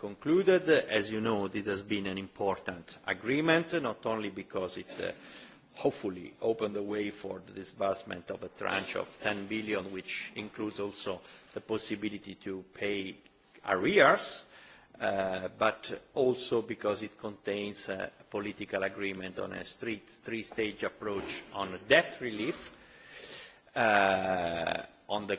concluded. As you know, this has been an important agreement, not only because it hopefully opened the way for the disbursement of a tranche of 10 billion, which includes also the possibility to pay arrears, but also because it contains a political agreement on a three-stage approach on debt relief, on the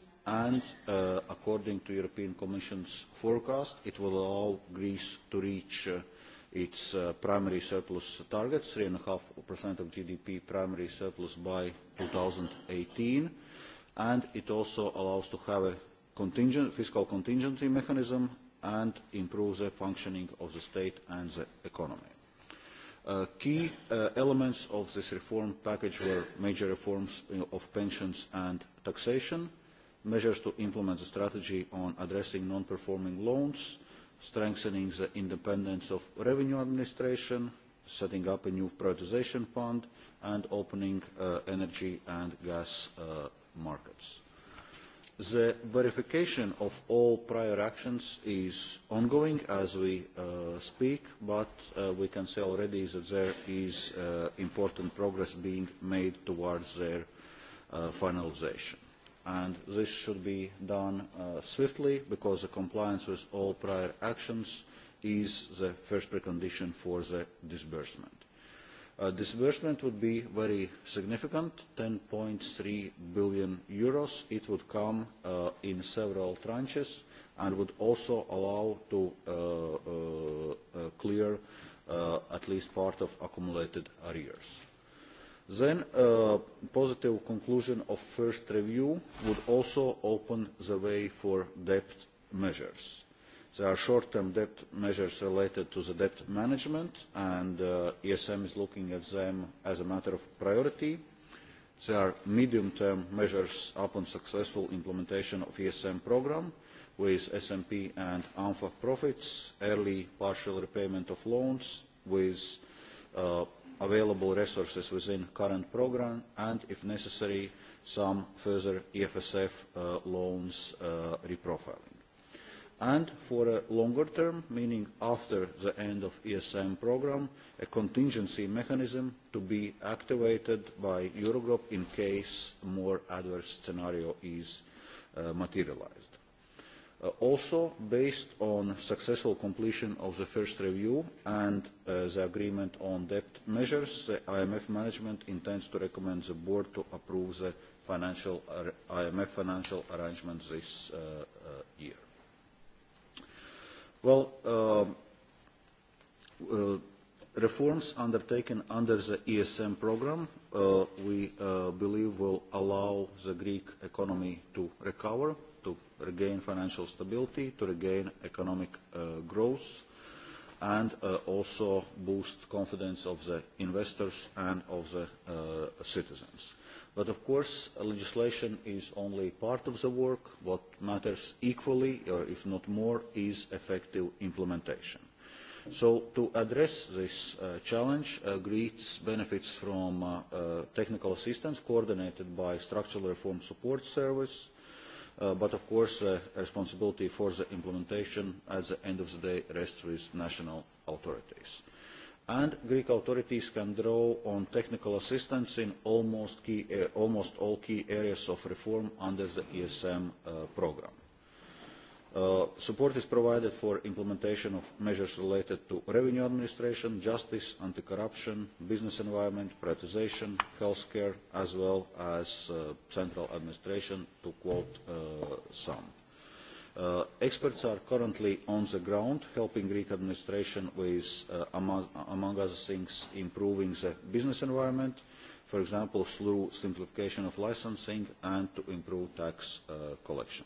and according to the European Commission's forecast, it will allow Greece to reach its primary surplus target, 3.5% of GDP primary surplus by eighteen, and it also allows to have a contingent, fiscal contingency mechanism and improve the functioning of the state and the economy. key elements of this reform package were major reforms of pensions and taxation, measures to implement the strategy on addressing non-performing loans, strengthening the independence of revenue administration, setting up a new prioritisation fund, and opening energy and gas markets. The verification of all prior actions is ongoing as we speak, but we can say already that there is important progress being made towards their finalisation and this should be done swiftly because the compliance with all prior actions is the first precondition for the disbursement. disbursement would be very significant, EUR ten three billion It would come in several tranches and would also allow to clear at least part of accumulated arrears Then a positive conclusion of first review would also open the way for debt measures. There are short-term debt measures related to the debt management, and ESM is looking at them as a matter of priority. There are medium-term measures upon successful implementation of the ESM programme, with SMP and ANFA profits, early partial repayment of loans, with available resources within current program and, if necessary, some further EFSF loans reprofiling. And for a longer term, meaning after the end of ESM programme, a contingency mechanism to be activated by Eurogroup in case a more adverse scenario is materialised also based on successful completion of the first review and the agreement on debt measures, the IMF management intends to recommend the board to approve the financial, IMF financial arrangements this year. Well, reforms undertaken under the ESM programme we believe will allow the Greek economy to recover to regain financial stability, to regain economic growth, and also boost confidence of the investors and of the citizens. But of course, legislation is only part of the work. What matters equally, or if not more, is effective implementation. So to address this challenge, Greece benefits from technical assistance coordinated by Structural Reform Support Service, but of course responsibility for the implementation at the end of the day rests with national authorities. And Greek authorities can draw on technical assistance in almost, all key areas of reform under the ESM programme support is provided for implementation of measures related to revenue administration, justice, anti-corruption, business environment, privatisation, healthcare, as well as central administration, to quote some. experts are currently on the ground helping Greek administration with, among, other things, improving the business environment, for example, through simplification of licensing and to improve tax collection.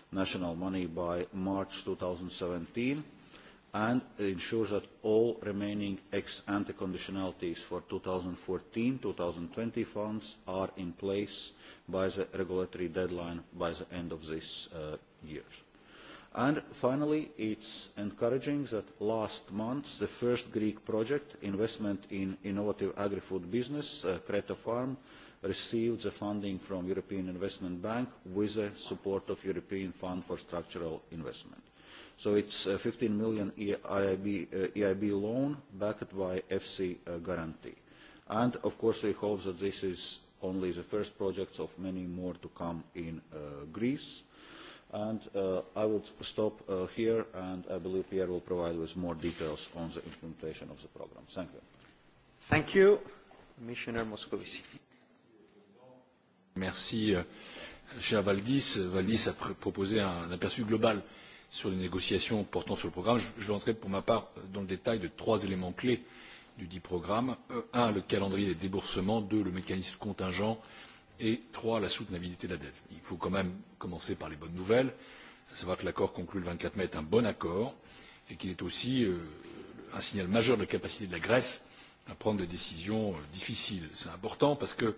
national money by March seventeen and ensures that all remaining ex-ante conditionalities for 2014-2020 twenty funds are in place by the regulatory deadline by the end of this year. And finally, it's encouraging that last month, the first Greek project, investment in innovative agri-food business, Creta Farm, received the funding from the European Investment Bank with the support of the European Fund for Structural Investment. So it's a 15 million EIB, loan backed by FC guarantee. And of course we hope that this is only the first project of many more to come in Greece. And I will stop here and I believe Pierre will provide with more details on the implementation of the programme. Thank you. Thank you, Commissioner Moscovici. Merci, cher Valdis. Valdis a proposé un aperçu global sur les négociations portant sur le programme. Je rentrerai pour ma part dans le détail de trois éléments clés dudit programme. Un, le calendrier des déboursements. Deux, le mécanisme contingent. Et trois, la soutenabilité de la dette. Il faut quand même commencer par les bonnes nouvelles, à savoir que l'accord conclu le vingt quatre mai est un bon accord et qu'il est aussi un signal majeur de la capacité de la Grèce à prendre des décisions difficiles. C'est important parce que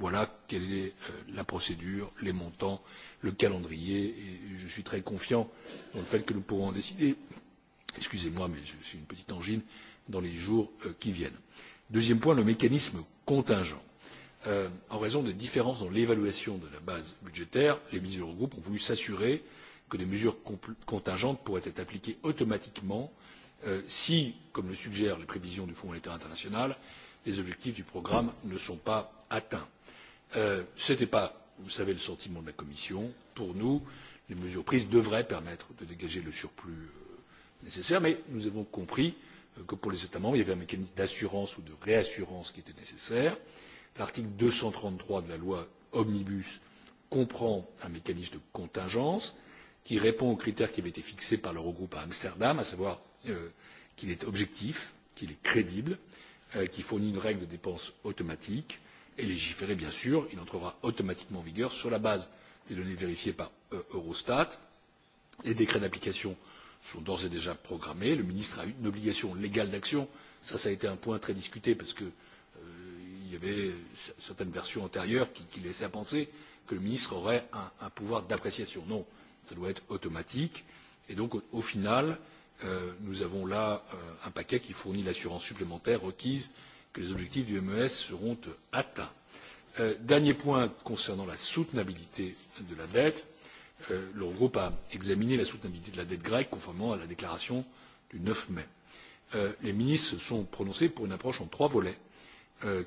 Voilà quelle est la procédure, les montants, le calendrier. Et je suis très confiant dans le fait que nous pourrons en décider. Excusez-moi, mais je suis une petite angine dans les jours qui viennent. Deuxième point, le mécanisme contingent. en raison des différences dans l'évaluation de la base budgétaire, les ministres de l'Eurogroupe ont voulu s'assurer que des mesures contingentes pourraient être appliquées automatiquement si, comme le suggèrent les prévisions du Fonds monétaire international, les objectifs du programme ne sont pas atteints. ce n'était pas vous le savez le sentiment de la commission. pour nous les mesures prises devraient permettre de dégager le surplus nécessaire mais nous avons compris que pour les états membres il y avait un mécanisme d'assurance ou de réassurance qui était nécessaire. l'article deux cent trente trois de la loi omnibus comprend un mécanisme de contingence qui répond aux critères qui avaient été fixés par l'eurogroupe à amsterdam à savoir qu'il est objectif qu'il est crédible qui fournit une règle de dépenses automatique et légiférer bien sûr il entrera automatiquement en vigueur sur la base des données vérifiées par eurostat. les décrets d'application sont d'ores et déjà programmés le ministre a une obligation légale d'action cela a été un point très discuté parce qu'il y avait certaines versions antérieures qui laissaient à penser que le ministre aurait un pouvoir d'appréciation. non cela doit être automatique et donc au final nous avons là un paquet qui fournit l'assurance supplémentaire requise que les objectifs du mes seront atteints. dernier point concernant la soutenabilité de la dette l'eurogroupe a examiné la soutenabilité de la dette grecque conformément à la déclaration du neuf mai. les ministres se sont prononcés pour une approche en trois volets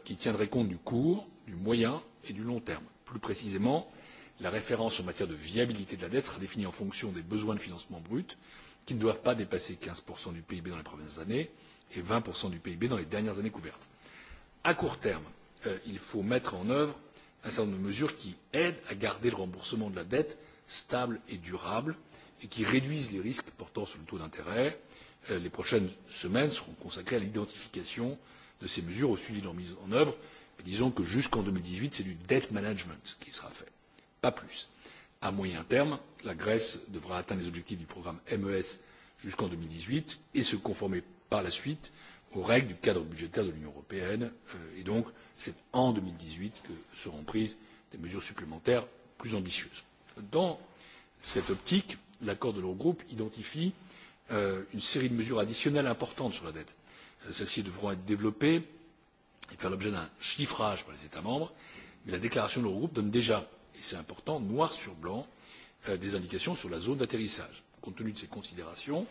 qui tiendrait compte du court du moyen et du long terme. plus précisément la référence en matière de viabilité de la dette sera définie en fonction des besoins de financement bruts qui ne doivent pas dépasser quinze du pib dans les premières années et vingt du pib dans les dernières années couvertes. à court terme il faut mettre en œuvre un certain nombre de mesures qui aident à garder le remboursement de la dette stable et durable et qui réduisent les risques portant sur le taux d'intérêt. les prochaines semaines seront consacrées à l'identification de ces mesures au suivi de leur mise en œuvre mais disons que jusqu'en deux mille dix huit c'est du debt management qui sera fait pas plus à moyen terme la grèce devra atteindre les objectifs du programme mes jusqu'en deux mille dix huit et se conformer par la suite aux règles du cadre budgétaire de l'union européenne et donc c'est en deux mille dix huit que seront prises des mesures supplémentaires plus ambitieuses. dans cette optique l'accord de l'eurogroupe identifie une série de mesures additionnelles importantes sur la dette. celles ci devront être développées et faire l'objet d'un chiffrage par les états membres mais la déclaration de l'eurogroupe donne déjà et c'est important noir sur blanc des indications sur la zone d'atterrissage. compte tenu de ces considérations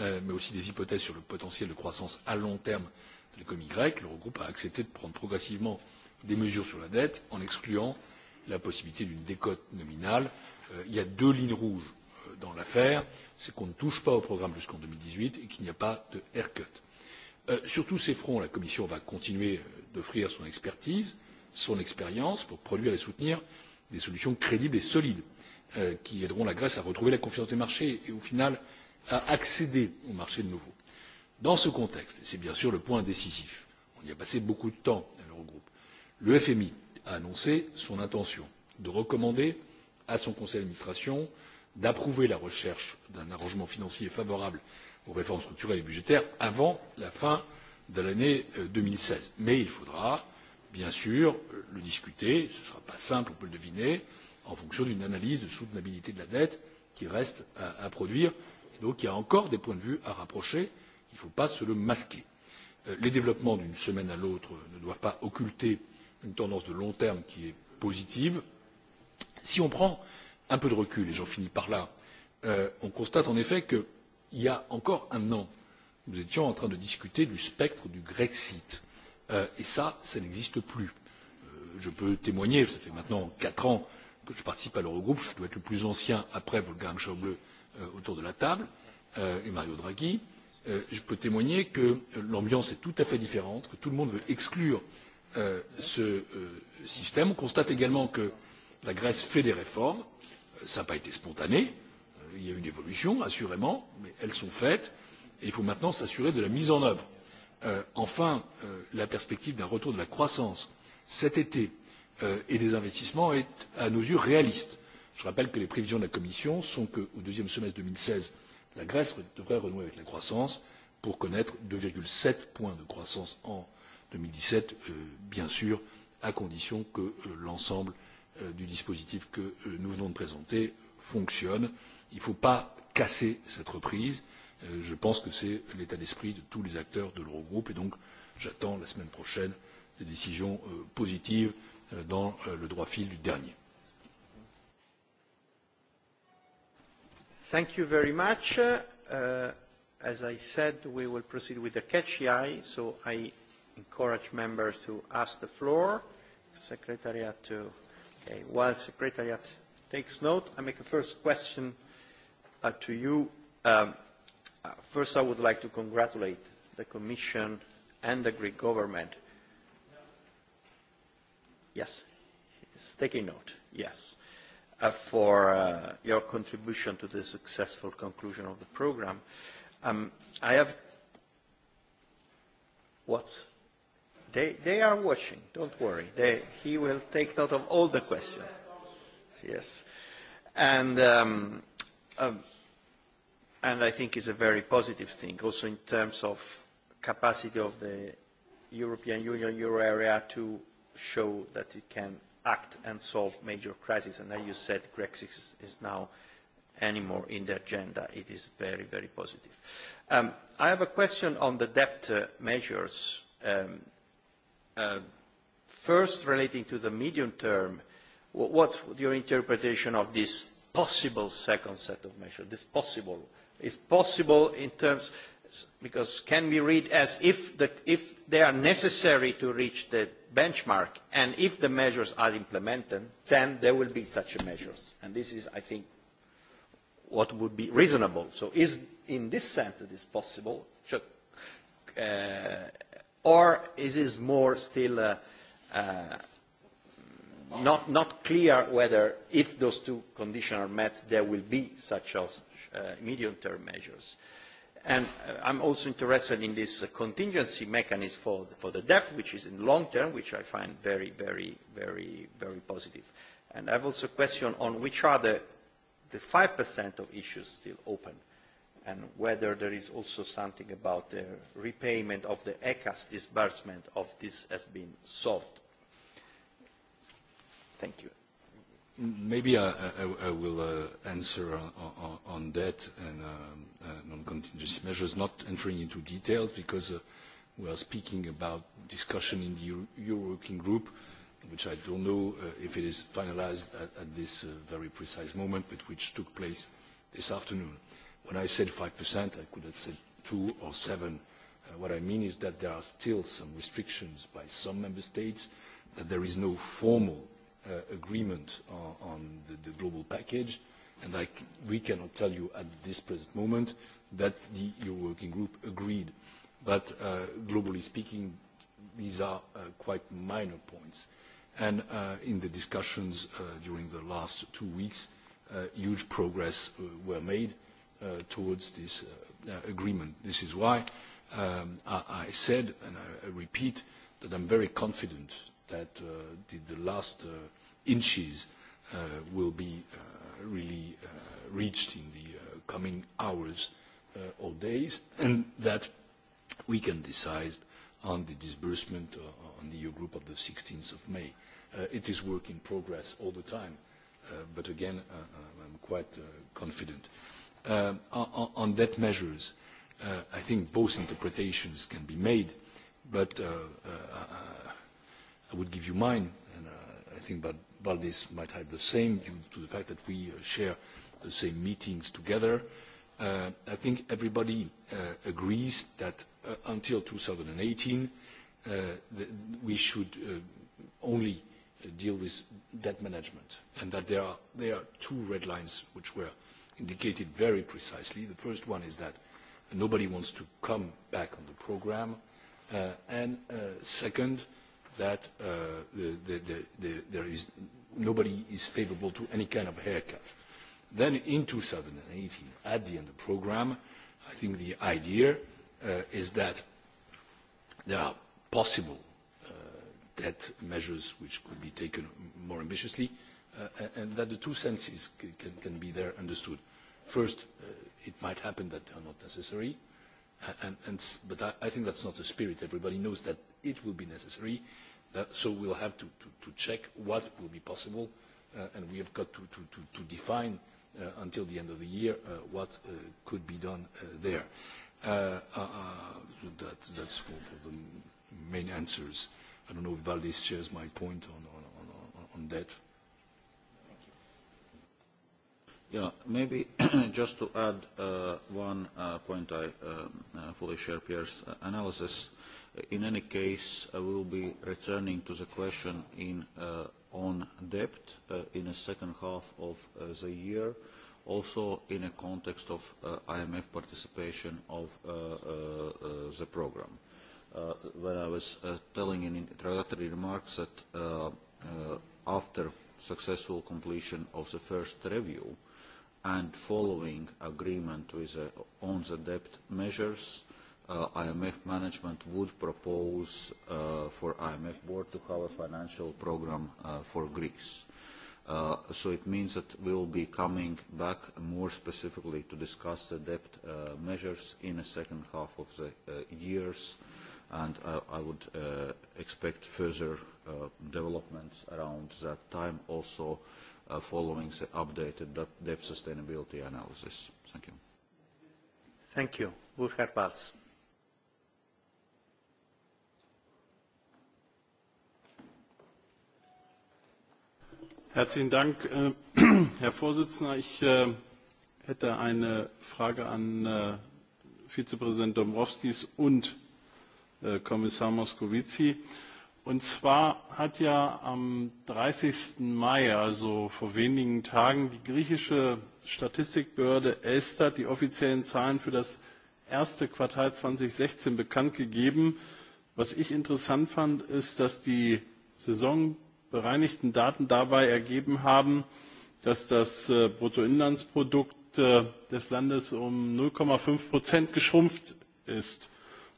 mais aussi des hypothèses sur le potentiel de croissance à long terme de l'économie grecque l'eurogroupe a accepté de prendre progressivement des mesures sur la dette en excluant la possibilité d'une décote nominale. il y a deux lignes rouges dans l'affaire c'est qu'on ne touche pas au programme jusqu'en deux mille dix huit et qu'il n'y a pas de haircut. sur tous ces fronts la commission va continuer d'offrir son expertise son expérience pour produire et soutenir des solutions crédibles et solides qui aideront la grèce à retrouver la confiance des marchés et au final à accéder aux marchés de nouveau. dans ce contexte et c'est bien sûr le point décisif on y a passé beaucoup de temps à l'eurogroupe le fmi a annoncé son intention de recommander à son conseil d'administration d'approuver la recherche d'un arrangement financier favorable aux réformes structurelles et budgétaires avant la fin de l'année deux mille seize mais il faudra bien sûr le discuter ce ne sera pas simple on peut le deviner en fonction d'une analyse de soutenabilité de la dette qui reste à produire et donc il y a encore des points de vue à rapprocher il ne faut pas se le masquer. les développements d'une semaine à l'autre ne doivent pas occulter une tendance de long terme qui est positive. si on prend un peu de recul et j'en finis par là on constate en effet qu'il y a encore un an nous étions en train de discuter du spectre du grexit et cela ça n'existe plus. je peux témoigner cela fait maintenant quatre ans que je participe à l'eurogroupe je dois être le plus ancien après wolfgang schuble autour de la table et mario draghi je peux témoigner que l'ambiance est tout à fait différente que tout le monde veut exclure ce système. on constate également que la grèce fait des réformes cela n'a pas été spontané il y a eu une évolution assurément mais elles sont faites et il faut maintenant s'assurer de la mise en œuvre enfin, la perspective d'un retour de la croissance cet été et des investissements est à nos yeux réaliste. je rappelle que les prévisions de la commission sont qu'au deuxième semestre deux mille seize la grèce devrait renouer avec la croissance pour connaître deux sept points de croissance en deux mille dix sept bien sûr à condition que l'ensemble du dispositif que nous venons de présenter fonctionne. il ne faut pas casser cette reprise je pense que c'est l'état d'esprit de tous les acteurs de l'eurogroupe et donc j'attends la semaine prochaine des décisions positives dans le droit fil du dernier. Thank you very much. Uh, as I said, we will proceed with the catchy eye, so I encourage members to ask the floor. Secretariat to... Okay, while Secretariat takes note, I make a first question uh, to you. Um, First, I would like to congratulate the Commission and the Greek government. Yes, it's taking note, yes, uh, for uh, your contribution to the successful conclusion of the program. Um, I have. What? They, they are watching, don't worry. They, he will take note of all the questions. Yes. And. Um, um, and I think is a very positive thing, also in terms of capacity of the European Union euro area to show that it can act and solve major crises. And as you said, Brexit is now anymore in the agenda. It is very, very positive. Um, I have a question on the debt uh, measures. Um, uh, first, relating to the medium term, what, what your interpretation of this possible second set of measures, this possible uh, is possible in terms because can be read as if, the, if they are necessary to reach the benchmark and if the measures are implemented, then there will be such measures. And this is, I think, what would be reasonable. So is in this sense that is possible, should, uh, or is it more still uh, uh, not, not clear whether if those two conditions are met, there will be such a medium-term measures. And I'm also interested in this contingency mechanism for, for the debt, which is in long term, which I find very, very, very, very positive. And I have also a question on which are the, the 5% of issues still open and whether there is also something about the repayment of the ECAS disbursement of this has been solved. Thank you. Maybe I will answer on debt and on contingency measures, not entering into details because we are speaking about discussion in the Euro Working Group, which I don't know if it is finalized at this very precise moment, but which took place this afternoon. When I said 5%, I could have said 2 or 7. What I mean is that there are still some restrictions by some member states, that there is no formal agreement on the global package, and we cannot tell you at this present moment that the EU working group agreed. But globally speaking, these are quite minor points. And in the discussions during the last two weeks, huge progress were made towards this agreement. This is why I said, and I repeat, that I'm very confident that the last inches will be really reached in the coming hours or days, and that we can decide on the disbursement on the EU group of the 16th of May. It is work in progress all the time, but again, I'm quite confident. On debt measures, I think both interpretations can be made, but I would give you mine, and I think Valdis might have the same due to the fact that we share the same meetings together. I think everybody agrees that until 2018, we should only deal with debt management, and that there are two red lines which were indicated very precisely. The first one is that nobody wants to come back on the programme, and second, that nobody is favourable to any kind of haircut. Then in eighteen, at the end of the programme, I think the idea is that there are possible debt measures which could be taken more ambitiously, and that the two senses can be there understood. First, it might happen that they are not necessary but I, think that's not the spirit. Everybody knows that it will be necessary. so we will have to, check what will be possible, and we have got to, define until the end of the year what could be done there. that, that's for, the main answers. I don't know if Valdis shares my point on, on, on, on that. Yeah, maybe just to add one point, I fully share Pierre's analysis. In any case, I will be returning to the question in, uh, on debt uh, in the second half of uh, the year, also in a context of uh, IMF participation of uh, uh, uh, the program. Uh, when I was uh, telling in introductory remarks that uh, uh, after successful completion of the first review, uh, and following agreement with the, on the debt measures, uh, IMF management would propose uh, for IMF board to have a financial program uh, for Greece. Uh, so it means that we will be coming back more specifically to discuss the debt uh, measures in the second half of the uh, years, and I, I would uh, expect further uh, developments around that time also uh, uh, following the updated debt sustainability analysis. Thank you. Thank you. Burkhard Balz. Herzlichen Dank, Herr Vorsitzender. Ich hätte eine Frage an Vizepräsident Dombrovskis und Kommissar Moscovici. Und zwar hat ja am 30. Mai, also vor wenigen Tagen, die griechische Statistikbehörde Elstat die offiziellen Zahlen für das erste Quartal 2016 bekannt gegeben. Was ich interessant fand, ist, dass die saisonbereinigten Daten dabei ergeben haben, dass das Bruttoinlandsprodukt des Landes um 0,5 Prozent geschrumpft ist.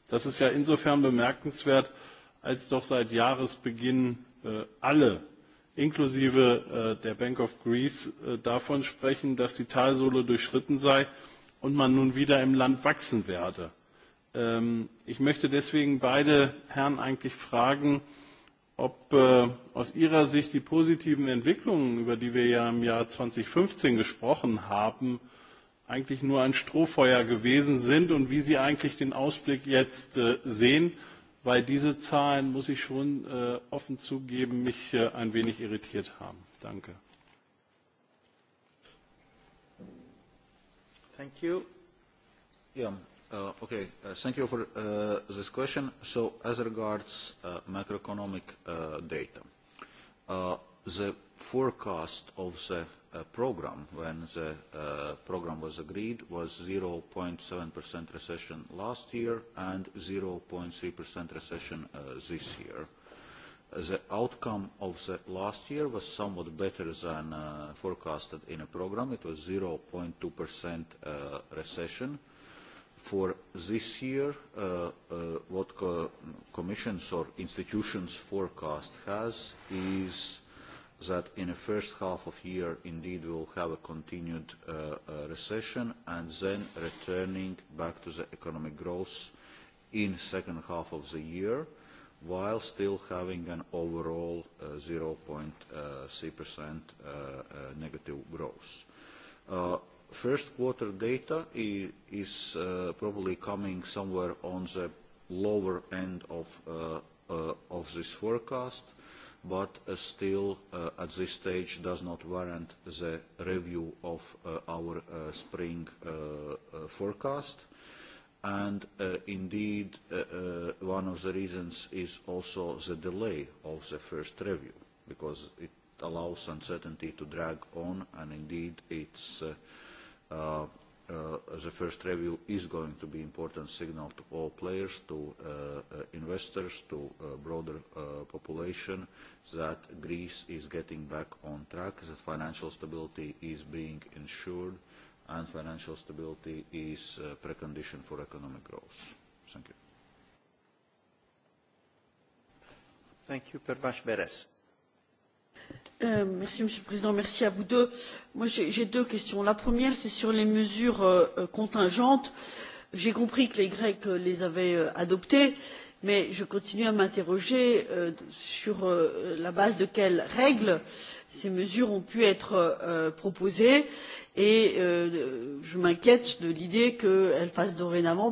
Das ist ja insofern bemerkenswert, als doch seit Jahresbeginn alle inklusive der Bank of Greece davon sprechen, dass die Talsohle durchschritten sei und man nun wieder im Land wachsen werde. Ich möchte deswegen beide Herren eigentlich fragen, ob aus Ihrer Sicht die positiven Entwicklungen, über die wir ja im Jahr 2015 gesprochen haben, eigentlich nur ein Strohfeuer gewesen sind und wie Sie eigentlich den Ausblick jetzt sehen weil diese Zahlen, muss ich schon offen zugeben, mich ein wenig irritiert haben. Danke. Thank you. Yeah. Uh, okay. Uh, thank you for uh, this question. So as regards uh, macroeconomic uh, data, uh, the forecast of the programme when the programme was agreed was 0.7% recession last year and 0.3% recession this year. The outcome of the last year was somewhat better than forecasted in the programme. It was 0.2% recession. For this year, what commissions or institutions forecast has is that in the first half of the year, indeed, we will have a continued recession and then returning back to the economic growth in the second half of the year, while still having an overall uh, 0.3% negative growth. first quarter data is probably coming somewhere on the lower end of this forecast but still at this stage does not warrant the review of our spring forecast. And indeed, one of the reasons is also the delay of the first review, because it allows uncertainty to drag on, and indeed it's the first review is going to be an important signal to all players, to investors, to uh, broader population that Greece is getting back on track, that financial stability is being ensured, and financial stability is a precondition for economic growth. Thank you. Thank you, Pervash Beres monsieur le président merci à vous deux. j'ai deux questions. la première c'est sur les mesures contingentes. j'ai compris que les grecs les avaient adoptées mais je continue à m'interroger sur la base de quelles règles ces mesures ont pu être proposées et je m'inquiète de l'idée qu'elles fassent dorénavant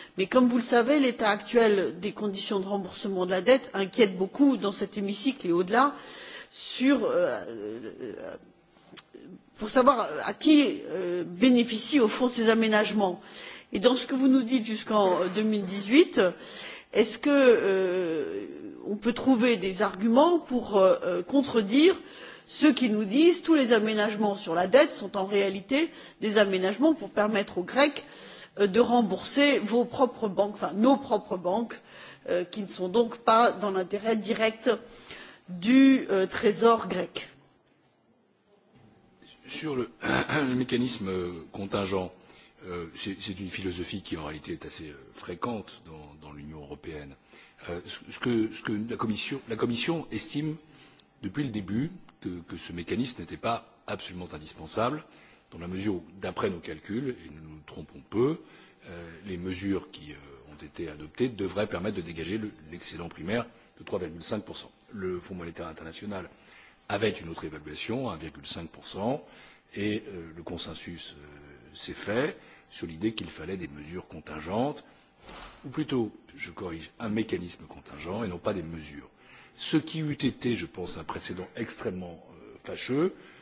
mais mais comme vous le savez l'état actuel des conditions de remboursement de la dette inquiète beaucoup dans cet hémicycle et au delà pour savoir à qui bénéficient au fond ces aménagements. et dans ce que vous nous dites jusqu'en deux mille dix huit est ce qu'on peut trouver des arguments pour contredire ceux qui nous disent que tous les aménagements sur la dette sont en réalité des aménagements pour permettre aux grecs de rembourser vos propres banques enfin nos propres banques qui ne sont donc pas dans l'intérêt direct du trésor grec. sur le mécanisme contingent c'est une philosophie qui en réalité est assez fréquente dans l'union européenne. ce que la commission estime depuis le début que ce mécanisme n'était pas absolument indispensable et dans la mesure où d'après nos calculs et nous nous trompons peu les mesures qui ont été adoptées devraient permettre de dégager l'excédent primaire de trois cinq le fonds monétaire international avait une autre évaluation à un cinq et le consensus s'est fait sur l'idée qu'il fallait des mesures contingentes ou plutôt je corrige un mécanisme contingent et non pas des mesures ce qui eût été je pense un précédent extrêmement fâcheux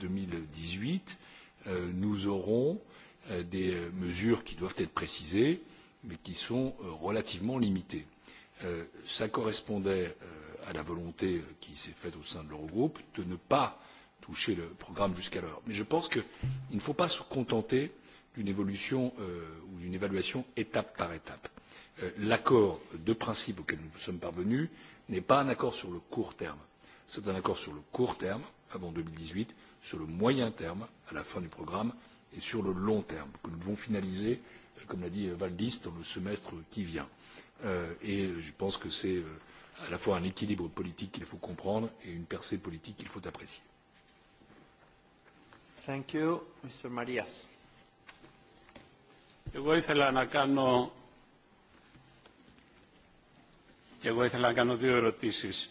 deux mille dix huit nous aurons des mesures qui doivent être précisées mais qui sont relativement limitées. cela correspondait à la volonté qui s'est faite au sein de l'eurogroupe de ne pas toucher le programme jusqu'alors mais je pense qu'il ne faut pas se contenter d'une évolution ou d'une évaluation étape par étape. l'accord de principe auquel nous sommes parvenus n'est pas un accord sur le court terme c'est un accord sur le court terme avant deux mille dix huit sur le moyen terme, à la fin du programme, et sur le long terme, que nous devons finaliser, comme l'a dit Valdis, dans le semestre qui vient. Et je pense que c'est à la fois un équilibre politique qu'il faut comprendre et une percée politique qu'il faut apprécier. Thank you. Mr. Marias. Εγώ ήθελα να κάνω, εγώ ήθελα να κάνω δύο ερωτήσεις.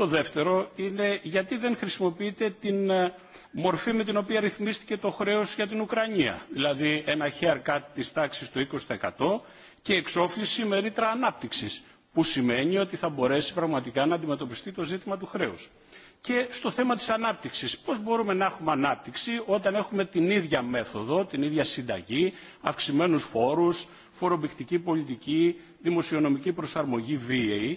Το δεύτερο είναι γιατί δεν χρησιμοποιείτε την μορφή με την οποία ρυθμίστηκε το χρέος για την Ουκρανία. Δηλαδή ένα haircut της τάξης του 20% και εξόφληση με ρήτρα ανάπτυξης που σημαίνει ότι θα μπορέσει πραγματικά να αντιμετωπιστεί το ζήτημα του χρέους. Και στο θέμα της ανάπτυξης, πώς μπορούμε να έχουμε ανάπτυξη όταν έχουμε την ίδια μέθοδο, την ίδια συνταγή, αυξημένους φόρους, φορομπηκτική πολιτική, δημοσιονομική προσαρμογή VA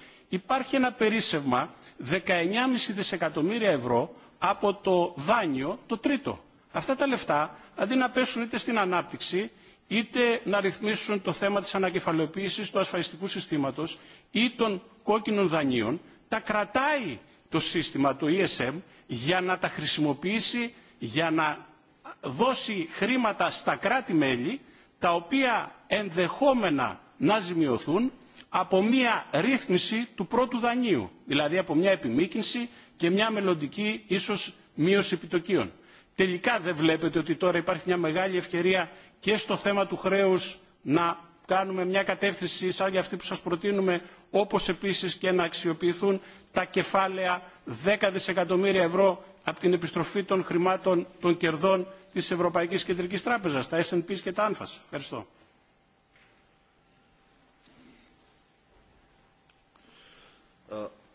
υπάρχει ένα περίσσευμα 19,5 δισεκατομμύρια ευρώ από το δάνειο το τρίτο. Αυτά τα λεφτά αντί να πέσουν είτε στην ανάπτυξη είτε να ρυθμίσουν το θέμα της ανακεφαλαιοποίησης του ασφαλιστικού συστήματος ή των κόκκινων δανείων, τα κρατάει το σύστημα, το ESM, για να τα χρησιμοποιήσει, για να δώσει χρήματα στα κράτη-μέλη, τα οποία ενδεχόμενα να ζημιωθούν από μια ρύθμιση του πρώτου δανείου, δηλαδή από μια επιμήκυνση και μια μελλοντική ίσως μείωση επιτοκίων. Τελικά δεν βλέπετε ότι τώρα υπάρχει μια μεγάλη ευκαιρία και στο θέμα του χρέους να κάνουμε μια κατεύθυνση σαν για αυτή που σας προτείνουμε, όπως επίσης και να αξιοποιηθούν τα κεφάλαια 10 δισεκατομμύρια ευρώ από την επιστροφή των χρημάτων των κερδών της Ευρωπαϊκής Κεντρικής Τράπεζας, τα S&P και τα ΑΝΦΑΣ. Ευχαριστώ.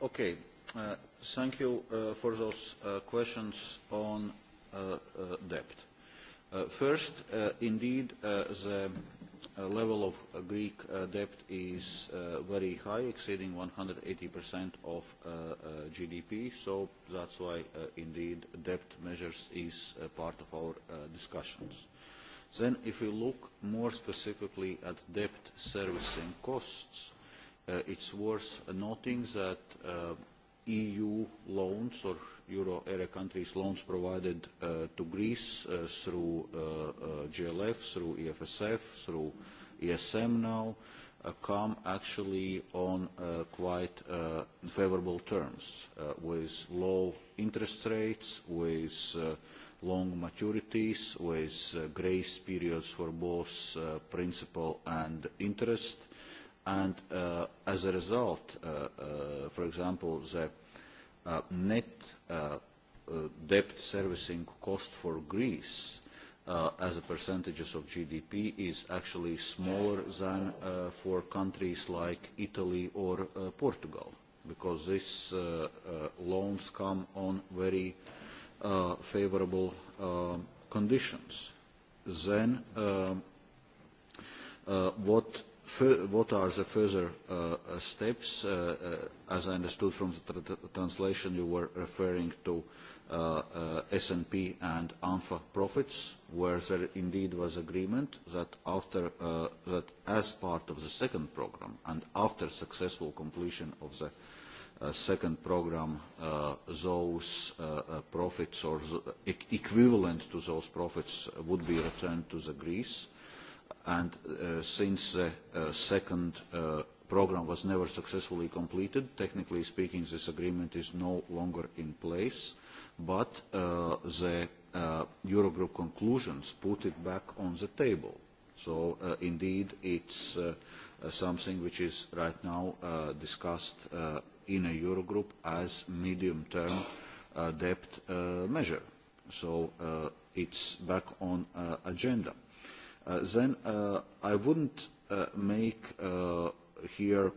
okay. thank you for those questions on debt. first, indeed, the level of Greek debt is very high, exceeding one hundred uh, of GDP. So that's why, indeed, debt measures is part of our discussions. Then if we look more specifically at debt servicing costs, it's worth noting that EU loans or euro area countries loans provided to Greece through GLF, through EFSF, through ESM now come actually on quite favorable terms with low interest rates, with long maturities, with grace periods for both principal and interest And uh, as a result, uh, uh, for example, the uh, net uh, uh, debt servicing cost for Greece uh, as a percentage of GDP is actually smaller than uh, for countries like Italy or uh, Portugal because these uh, uh, loans come on very uh, favorable uh, conditions. Then uh, uh, what what are the further steps? as I understood from the translation, you were referring to S&P and ANFA profits, where there indeed was agreement that after that as part of the second programme and after successful completion of the second programme, those profits or equivalent to those profits would be returned to Greece and since the second programme was never successfully completed, technically speaking, this agreement is no longer in place, but the Eurogroup conclusions put it back on the table. So indeed, it's uh, something which is right now discussed in a Eurogroup as medium-term debt measure. So it's back on the agenda then I wouldn't make here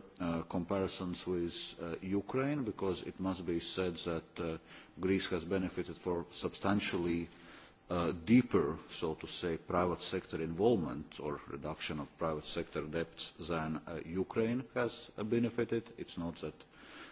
comparisons with Ukraine because it must be said that Greece has benefited from substantially deeper, so to say, private sector involvement or reduction of private sector debts than Ukraine has benefited. It's not that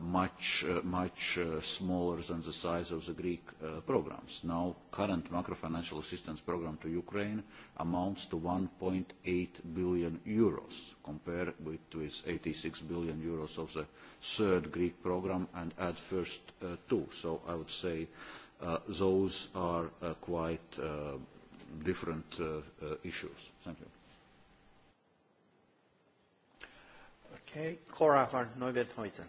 much, much smaller than the size of the Greek programs. Now, current macro-financial assistance program to Ukraine amounts to 1.8 billion euros, compared with, with 86 billion euros of the third Greek program and at first two. So I would say those are quite different issues. Thank you. Okay, Cora van neuwirth heutzen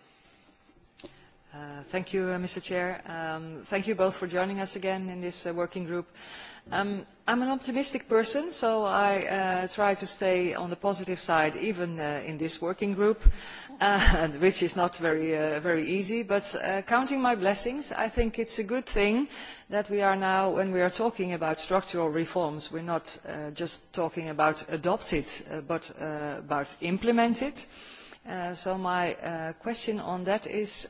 Mr. Chair. Thank you both for joining us again in this working group. I am an optimistic person, so I try to stay on the positive side, even in this working group, which is not very easy. But counting my blessings, I think it's a good thing that we are now, when we are talking about structural reforms, we are not just talking about adopt it, but about implement it. So my question on that is,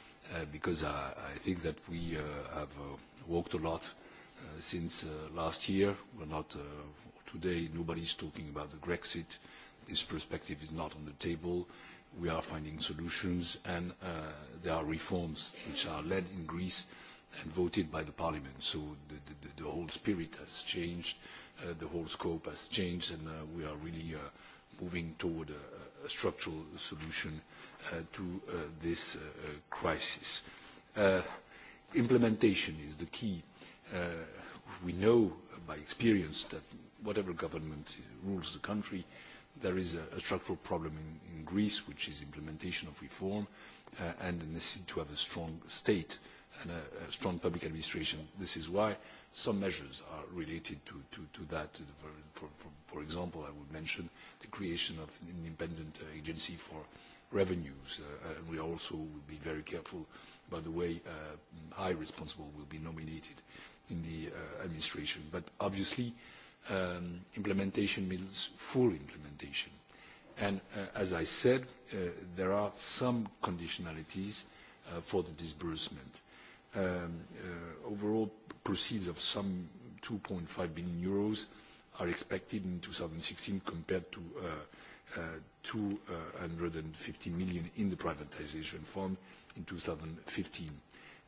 because I I think that we have worked a lot since last year. We're not today, nobody's talking about the Grexit. This perspective is not on the table. We are finding solutions, and there are reforms which are led in Greece and voted by the parliament. So the the the whole spirit has changed, the whole scope has changed, and we are really moving toward a structural solution to this crisis. implementation is the key. we know by experience that whatever government rules the country, there is a, structural problem in, Greece, which is implementation of reform and the necessity to have a strong state and a, strong public administration. This is why some measures are related to, that. For, example, I would mention the creation of an independent agency for revenues. and we also will be very careful about the way high responsible will be nominated in the administration. But obviously, implementation means full implementation. And as I said, there are some conditionalities for the disbursement. Overall proceeds of some 2.5 billion euros are expected in 2016 compared to 250 million in the privatization fund in 2015.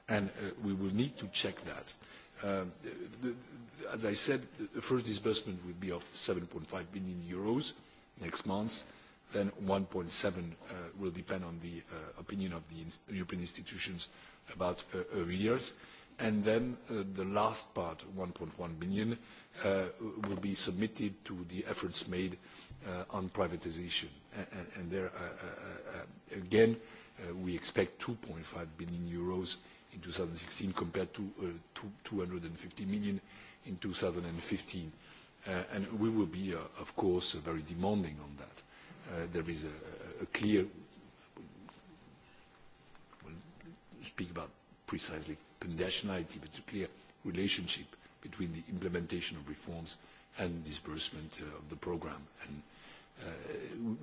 And we will need to check that. As I said, the first disbursement will be of 7.5 billion euros next month, then 1.7 will depend on the opinion of the European institutions about arrears. And then the last part, 1.1 billion, will be submitted to the efforts made on privatisation. And there, again, we expect 2.5 billion euros in 2016 compared to 250 million in 2015. And we will be, of course, very demanding on that. There is a clear... speak about precisely conditionality, but a clear relationship between the implementation of reforms and disbursement of the program. And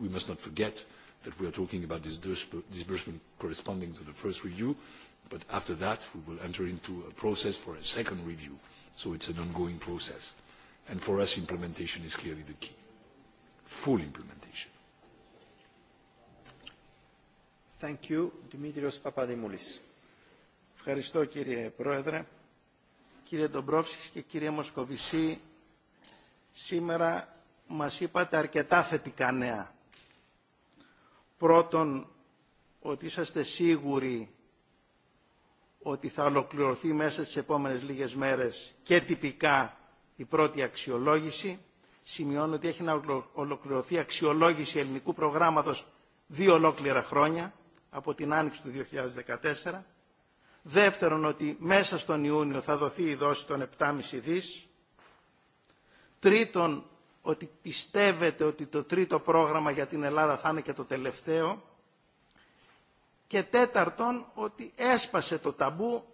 we must not forget that we are talking about disbursement corresponding to the first review, but after that we will enter into a process for a second review. So it's an ongoing process. And for us, implementation is clearly the key. Full implementation. Thank you. Dimitrios Papadimoulis. Ευχαριστώ κύριε Πρόεδρε. Κύριε Ντομπρόφσκης και κύριε Μοσκοβισή, σήμερα μας είπατε αρκετά θετικά νέα. Πρώτον, ότι είσαστε σίγουροι ότι θα ολοκληρωθεί μέσα στις επόμενες λίγες μέρες και τυπικά η πρώτη αξιολόγηση. Σημειώνω ότι έχει να ολοκληρωθεί αξιολόγηση ελληνικού προγράμματος δύο ολόκληρα χρόνια, από την άνοιξη του 2014. Δεύτερον, ότι μέσα στον Ιούνιο θα δοθεί η δόση των 7,5 δις. Τρίτον, ότι πιστεύετε ότι το τρίτο πρόγραμμα για την Ελλάδα θα είναι και το τελευταίο. Και τέταρτον, ότι έσπασε το ταμπού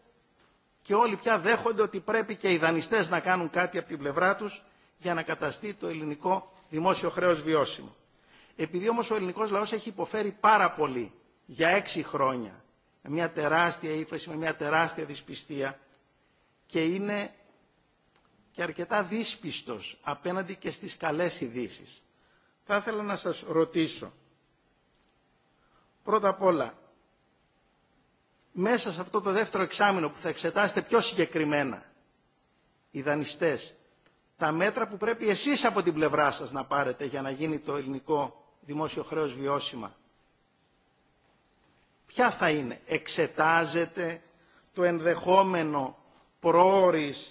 και όλοι πια δέχονται ότι πρέπει και οι δανειστές να κάνουν κάτι από την πλευρά τους για να καταστεί το ελληνικό δημόσιο χρέος βιώσιμο. Επειδή όμως ο ελληνικός λαός έχει υποφέρει πάρα πολύ για έξι χρόνια, με μια τεράστια ύφεση, με μια τεράστια δυσπιστία και είναι και αρκετά δύσπιστος απέναντι και στις καλές ειδήσει. Θα ήθελα να σας ρωτήσω, πρώτα απ' όλα, μέσα σε αυτό το δεύτερο εξάμεινο που θα εξετάσετε πιο συγκεκριμένα, οι δανειστές, τα μέτρα που πρέπει εσείς από την πλευρά σας να πάρετε για να γίνει το ελληνικό δημόσιο χρέος βιώσιμα. Ποια θα είναι, εξετάζετε το ενδεχόμενο προώρης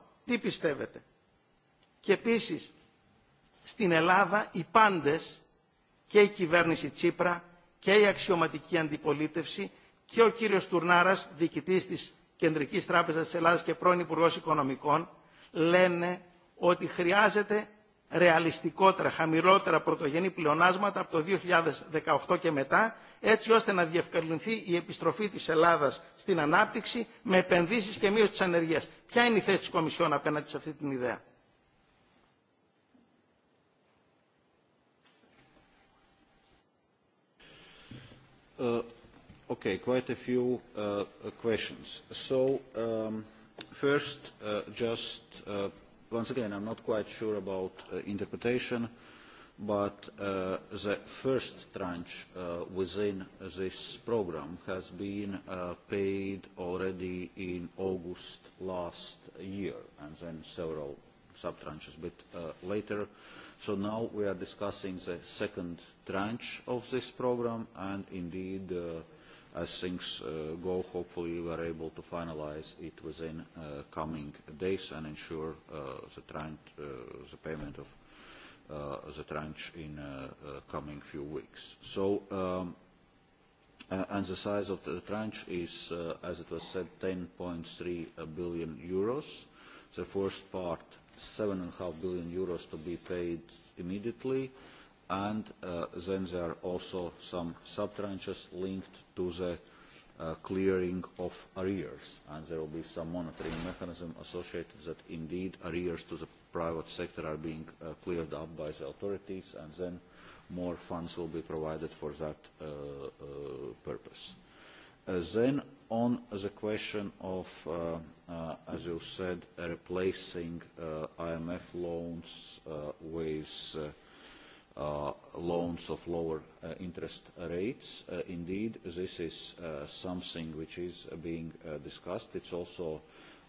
Τι πιστεύετε. Και επίσης, στην Ελλάδα οι πάντες, και η κυβέρνηση Τσίπρα και η αξιωματική αντιπολίτευση και ο κύριος Τουρνάρας, διοικητής της Κεντρικής Τράπεζας της Ελλάδας και πρώην Υπουργός Οικονομικών, λένε ότι χρειάζεται ρεαλιστικότερα, χαμηλότερα πρωτογενή πλεονάσματα από το 2018 και μετά, έτσι ώστε να διευκολυνθεί η επιστροφή της Ελλάδας στην ανάπτυξη με επενδύσεις και μείωση της ανεργίας. Ποια είναι η θέση της Κομισιόν απέναντι σε αυτή την ιδέα. Uh, okay, quite a few uh, questions. So, um, first, uh, just uh, once again, I'm not quite sure about uh, interpretation, but uh, the first tranche uh, within this program has been uh, paid already in August last year, and then several sub-tranches a bit uh, later. So now we are discussing the second tranche of this program, and indeed uh, as things go, hopefully we are able to finalize it within uh, coming days and ensure the, trend, the payment of the tranche in the coming few weeks. So, and the size of the tranche is, as it was said, 10.3 billion euros. The first part, 7.5 billion euros to be paid immediately, uh, and then there are also some sub-tranches linked to the clearing of arrears, and there will be some monitoring mechanism associated that indeed arrears to the private sector are being cleared up by the authorities, and then more funds will be provided for that purpose. Then on the question of, as you said, replacing IMF loans with loans of lower interest rates. Indeed, this is something which is being discussed. It's also,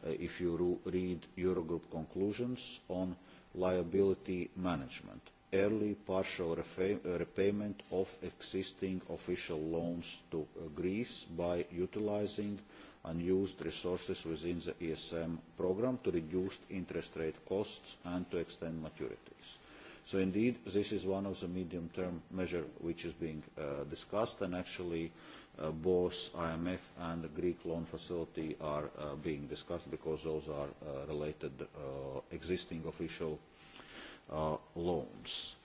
if you read Eurogroup conclusions on liability management, early partial repayment of existing official loans to Greece by utilizing unused resources within the ESM program to reduce interest rate costs and to extend maturities So indeed, this is one of the medium-term measures which is being uh, discussed, and actually uh, both IMF and the Greek loan facility are uh, being discussed because those are uh, related uh, existing official uh, loans.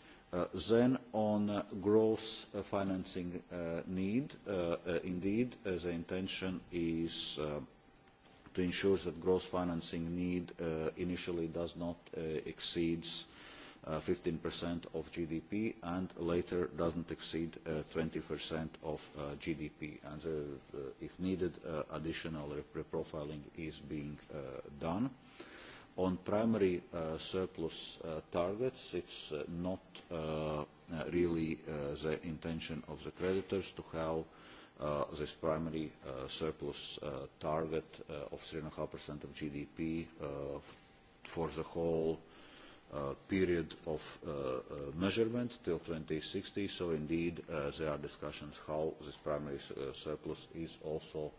Then on growth financing need, indeed, the intention is to ensure that growth financing need initially does not exceeds fifteen 15% of GDP and later doesn't exceed twenty 20% of GDP. if needed, additional reprofiling is being done. On primary surplus targets, it's not really the intention of the creditors to have this primary surplus target uh, of 3.5% of GDP for the whole period of measurement till 2060. So indeed, there are discussions how this primary surplus is also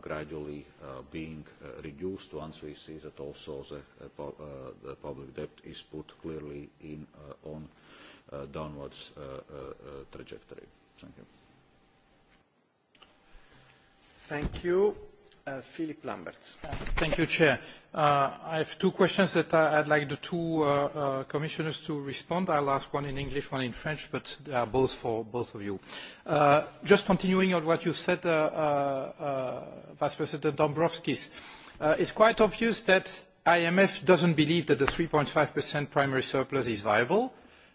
gradually being reduced once we see that also the public debt is put clearly in on downwards trajectory. Thank you. Thank you. Philip Lamberts. I have two questions that I, would like the two uh, uh, commissioners to respond. will ask one in English, one in French, but they are both for both of you. just continuing on what you said, Vice President Dombrovskis, it is quite obvious that IMF doesn't believe that the 3.5% primary surplus is viable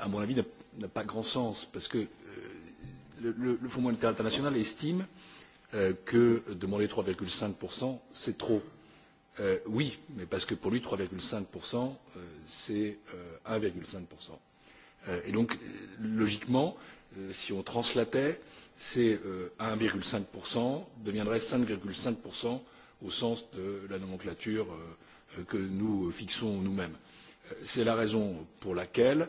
à mon avis, n'a pas grand sens, parce que le, Fonds monétaire international estime que demander trois cinq c'est trop. oui, mais parce que pour lui, trois cinq c'est un cinq Et donc, logiquement, si on translatait, c'est un cinq deviendrait cinq cinq au sens de la nomenclature que nous fixons nous-mêmes. C'est la raison pour laquelle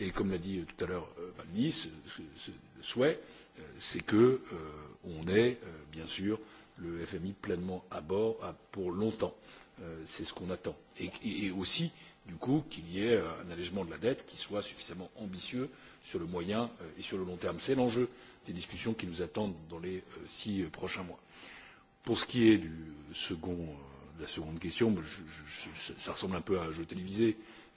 et comme l'a dit tout à l'heure Nice, le souhait, c'est que on ait bien sûr le FMI pleinement à bord pour longtemps. C'est ce qu'on attend. Et, aussi, du coup, qu'il y ait un allègement de la dette qui soit suffisamment ambitieux sur le moyen et sur le long terme. C'est l'enjeu des discussions qui nous attendent dans les six prochains mois. Pour ce qui est du second, de la seconde question, ça ressemble un peu à un jeu télévisé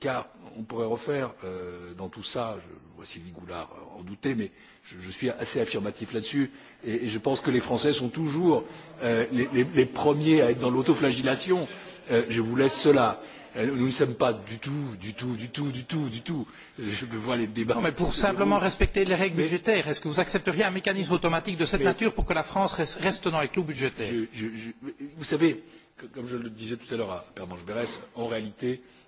car on pourrait refaire dans tout cela Sylvie Goulard en douter mais je suis assez affirmatif là dessus et je pense que les Français sont toujours les premiers à être dans l'autoflagellation je vous laisse cela. Nous ne sommes pas du tout, du tout, du tout, du tout, du tout. Je vois les débats. Mais pour simplement respecter les règles budgétaires, est-ce que vous accepteriez un mécanisme automatique de cette nature pour que la France reste dans les clous budgétaires Vous savez, comme je le disais tout à l'heure à Père Berès, en réalité, euh,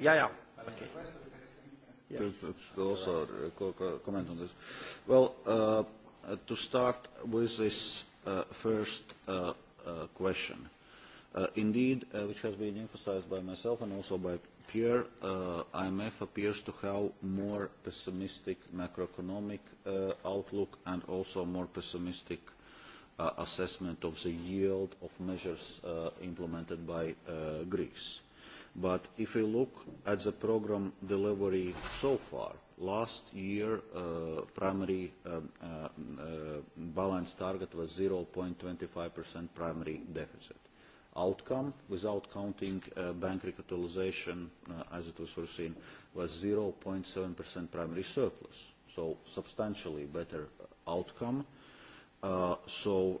Ja, ja. Okay. Yes. Also, a comment on this. Well, uh, to start with this uh, first uh, uh, question. Uh, indeed, uh, which has been emphasized by myself and also by Pierre, uh, IMF appears to have more pessimistic macroeconomic uh, outlook and also more pessimistic uh, assessment of the yield of measures uh, implemented by uh, Greece But if we look at the program delivery so far, last year, primary balance target was 0.25% primary deficit. Outcome, without counting bank recapitalization as it was foreseen, was 0.7% primary surplus, so substantially better outcome. So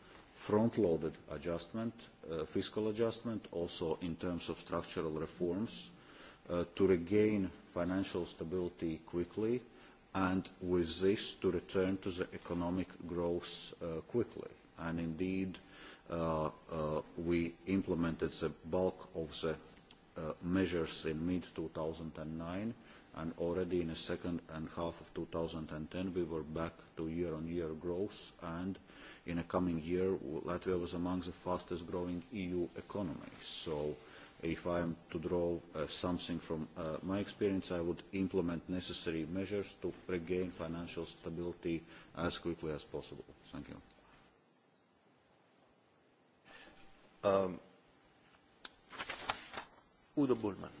front-loaded adjustment, fiscal adjustment, also in terms of structural reforms, to regain financial stability quickly, and with this, to return to the economic growth quickly. And Indeed, we implemented the bulk of the measures in mid-2009, and already in the second and half of 2010, we were back to year-on-year growth, and in the coming year, Latvia was among the fastest-growing EU economies. So if I am to draw something from my experience, I would implement necessary measures to regain financial stability as quickly as possible. Thank you. Udo Bullmann.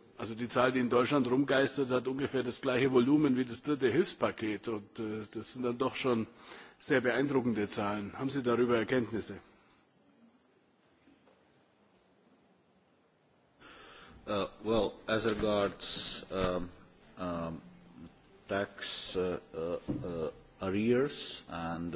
Also die Zahl, die in Deutschland rumgeistert, hat ungefähr das gleiche Volumen wie das dritte Hilfspaket. Und das sind dann doch schon sehr beeindruckende Zahlen. Haben Sie darüber Erkenntnisse? well, as regards tax arrears and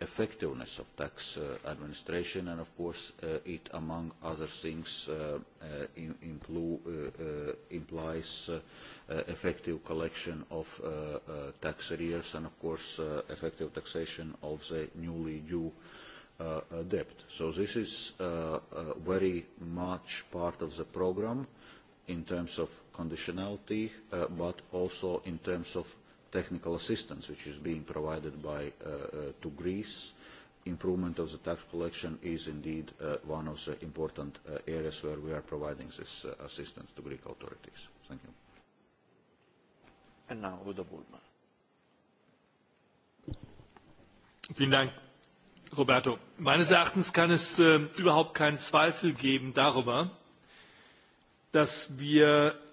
effectiveness of tax administration and of course it among other things implies effective collection of tax arrears and of course effective taxation of the newly due debt. So this is very much part of the programme in terms of conditionality but also in terms of technical assistance which is being provided by to Greece. Improvement of the tax collection is indeed one of the important areas where we are providing this assistance to Greek authorities. Thank you. And now Udo Vielen Dank, Roberto. Meines Erachtens kann es überhaupt keinen Zweifel geben darüber, dass wir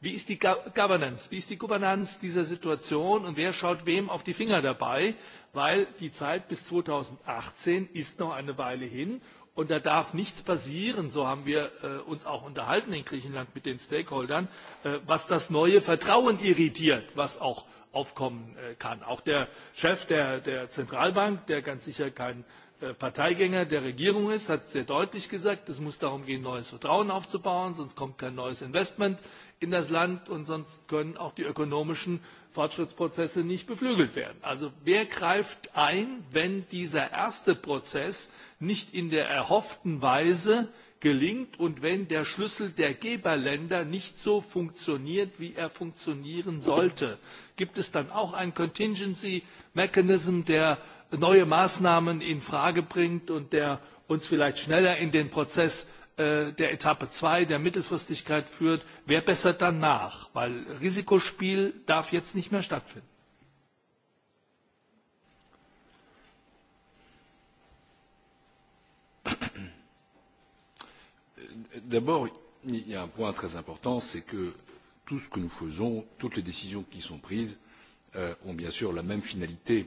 Wie ist die Governance? Wie ist die Gouvernance dieser Situation und wer schaut wem auf die Finger dabei? Weil die Zeit bis 2018 ist noch eine Weile hin und da darf nichts passieren, so haben wir uns auch unterhalten in Griechenland mit den Stakeholdern, was das neue Vertrauen irritiert, was auch aufkommen kann. Auch der Chef der Zentralbank, der ganz sicher kein Parteigänger der Regierung ist, hat sehr deutlich gesagt, es muss darum gehen, neues Vertrauen aufzubauen, sonst kommt kein neues Investment in das Land und sonst können auch die ökonomischen Fortschrittsprozesse nicht beflügelt werden. Also wer greift ein, wenn dieser erste Prozess nicht in der erhofften Weise gelingt und wenn der Schlüssel der Geberländer nicht so funktioniert, wie er funktionieren sollte? Gibt es dann auch einen Contingency Mechanism, der neue Maßnahmen in Frage bringt und der uns vielleicht schneller in den Prozess der Etappe zwei der Mittelfristigkeit führt, wer bessert dann nach? Weil Risikospiel darf jetzt nicht mehr stattfinden. D'abord, il y a un point très important, c'est que tout ce que nous faisons, toutes les décisions qui sont prises ont bien sûr la même finalité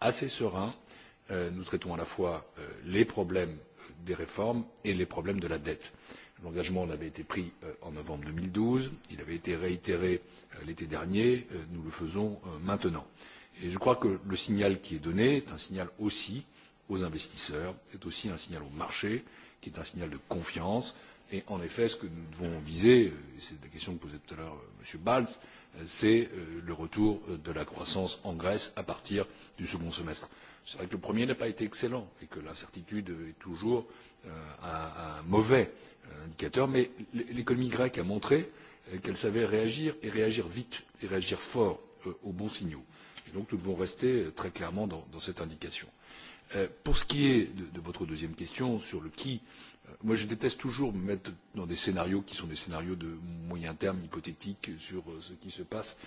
assez serein. nous traitons à la fois les problèmes des réformes et les problèmes de la dette. L'engagement avait été pris en novembre deux mille douze, il avait été réitéré l'été dernier, nous le faisons maintenant. Et je crois que le signal qui est donné est un signal aussi aux investisseurs, est aussi un signal au marché, qui est un signal de confiance. Et en effet, ce que nous devons viser, et c'est la question que posait tout à l'heure M. Balz, c'est le retour de la croissance en grèce à partir du second semestre. c'est vrai que le premier n'a pas été excellent et que l'incertitude est toujours un mauvais indicateur mais l'économie grecque a montré qu'elle savait réagir et réagir vite et réagir fort aux bons signaux. et donc nous devons rester très clairement dans cette indication. pour ce qui est de votre deuxième question sur le qui Moi, je déteste toujours me mettre dans des scénarios qui sont des scénarios de moyen terme, hypothétiques, sur ce qui se passe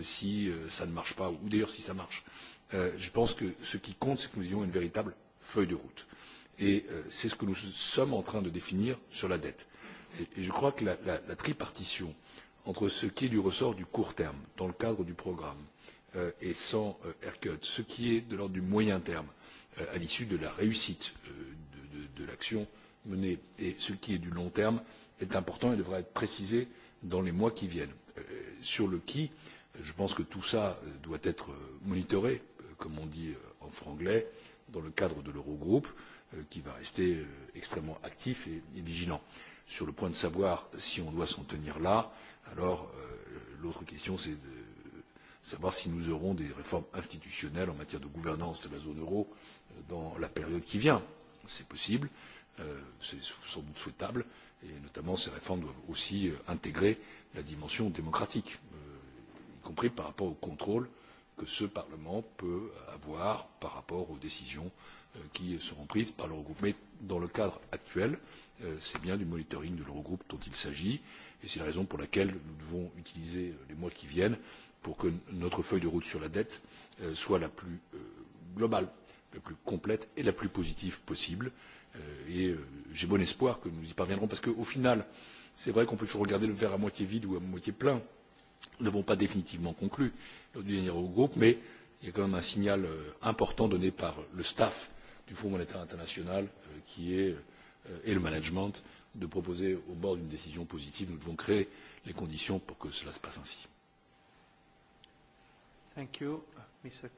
si ça ne marche pas, ou d'ailleurs si ça marche. Je pense que ce qui compte, c'est que nous ayons une véritable feuille de route. Et c'est ce que nous sommes en train de définir sur la dette. Et je crois que la tripartition entre ce qui est du ressort du court terme, dans le cadre du programme, et sans haircut, ce qui est de l'ordre du moyen terme, à l'issue de la réussite de l'action menée et ce qui est du long terme est important et devra être précisé dans les mois qui viennent. sur le qui je pense que tout cela doit être monitoré comme on dit en franglais dans le cadre de l'eurogroupe qui va rester extrêmement actif et vigilant. sur le point de savoir si on doit s'en tenir là alors l'autre question c'est de savoir si nous aurons des réformes institutionnelles en matière de gouvernance de la zone euro dans la période qui vient. c'est possible c'est sans doute souhaitable et notamment ces réformes doivent aussi intégrer la dimension démocratique y compris par rapport au contrôle que ce parlement peut avoir par rapport aux décisions qui seront prises par l'eurogroupe. mais dans le cadre actuel c'est bien du monitoring de l'eurogroupe dont il s'agit et c'est la raison pour laquelle nous devons utiliser les mois qui viennent pour que notre feuille de route sur la dette soit la plus globale la plus complète et la plus positive possible et j'ai bon espoir que nous y parviendrons parce qu'au final c'est vrai qu'on peut toujours regarder le verre à moitié vide ou à moitié plein nous n'avons pas définitivement conclu lors du dernier eurogroupe mais il y a quand même un signal important donné par le staff du fonds monétaire international qui est et le management de proposer au bord d'une décision positive. nous devons créer les conditions pour que cela se passe ainsi. Thank you. Mr.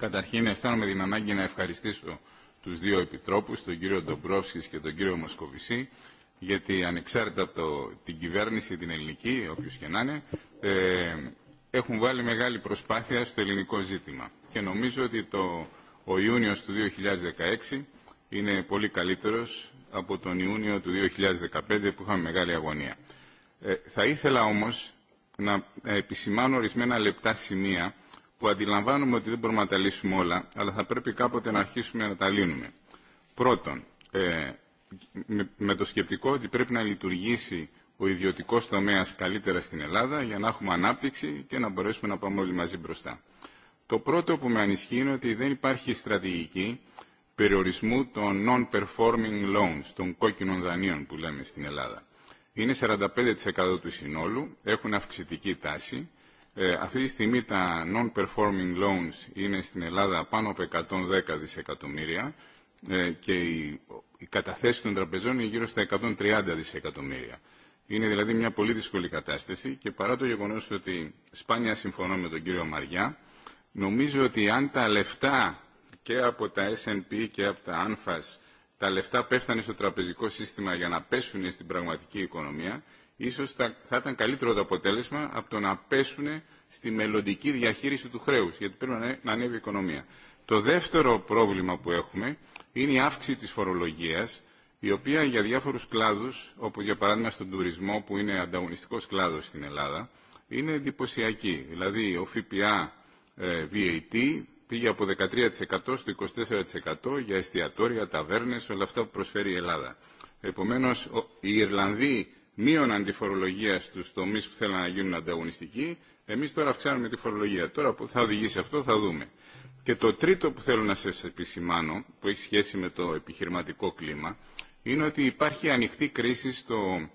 Καταρχήν αισθάνομαι την ανάγκη να ευχαριστήσω τους δύο επιτρόπους, τον κύριο Ντομπρόφσκης και τον κύριο Μοσκοβισή, γιατί ανεξάρτητα από το, την κυβέρνηση, την ελληνική, όποιος και να είναι, ε, έχουν βάλει μεγάλη προσπάθεια στο ελληνικό ζήτημα. Και νομίζω ότι το, ο Ιούνιος του 2016 είναι πολύ καλύτερος από τον Ιούνιο του 2015 που είχαμε μεγάλη αγωνία. Ε, θα ήθελα όμως να επισημάνω ορισμένα λεπτά σημεία που αντιλαμβάνουμε ότι δεν μπορούμε να τα λύσουμε όλα, αλλά θα πρέπει κάποτε να αρχίσουμε να τα λύνουμε. Πρώτον, ε, με, με το σκεπτικό ότι πρέπει να λειτουργήσει ο ιδιωτικό τομέα καλύτερα στην Ελλάδα για να έχουμε ανάπτυξη και να μπορέσουμε να πάμε όλοι μαζί μπροστά. Το πρώτο που με ανισχύει είναι ότι δεν υπάρχει στρατηγική περιορισμού των non-performing loans, των κόκκινων δανείων που λέμε στην Ελλάδα. Είναι 45% του συνόλου, έχουν αυξητική τάση Ε, αυτή τη στιγμή τα non-performing loans είναι στην Ελλάδα πάνω από 110 δισεκατομμύρια ε, και οι, οι καταθέσεις των τραπεζών είναι γύρω στα 130 δισεκατομμύρια. Είναι δηλαδή μια πολύ δύσκολη κατάσταση και παρά το γεγονός ότι σπάνια συμφωνώ με τον κύριο Μαριά, νομίζω ότι αν τα λεφτά και από τα S&P και από τα ANFAS τα λεφτά πέφτανε στο τραπεζικό σύστημα για να πέσουν στην πραγματική οικονομία, ίσως θα, θα ήταν καλύτερο το αποτέλεσμα από το να πέσουν στη μελλοντική διαχείριση του χρέους, γιατί πρέπει να, να ανέβει η οικονομία. Το δεύτερο πρόβλημα που έχουμε είναι η αύξηση της φορολογίας, η οποία για διάφορους κλάδους, όπως για παράδειγμα στον τουρισμό που είναι ανταγωνιστικός κλάδος στην Ελλάδα, είναι εντυπωσιακή. Δηλαδή ο ΦΠΑ ε, VAT πήγε από 13% στο 24% για εστιατόρια, ταβέρνες, όλα αυτά που προσφέρει η Ελλάδα. Επομένως, οι Ιρλανδοί μείωναν τη φορολογία στους τομείς που θέλαν να γίνουν ανταγωνιστικοί, εμείς τώρα αυξάνουμε τη φορολογία. Τώρα που θα οδηγήσει αυτό θα δούμε. Και το τρίτο που θέλω να σας επισημάνω, που έχει σχέση με το επιχειρηματικό κλίμα, είναι ότι υπάρχει ανοιχτή κρίση στο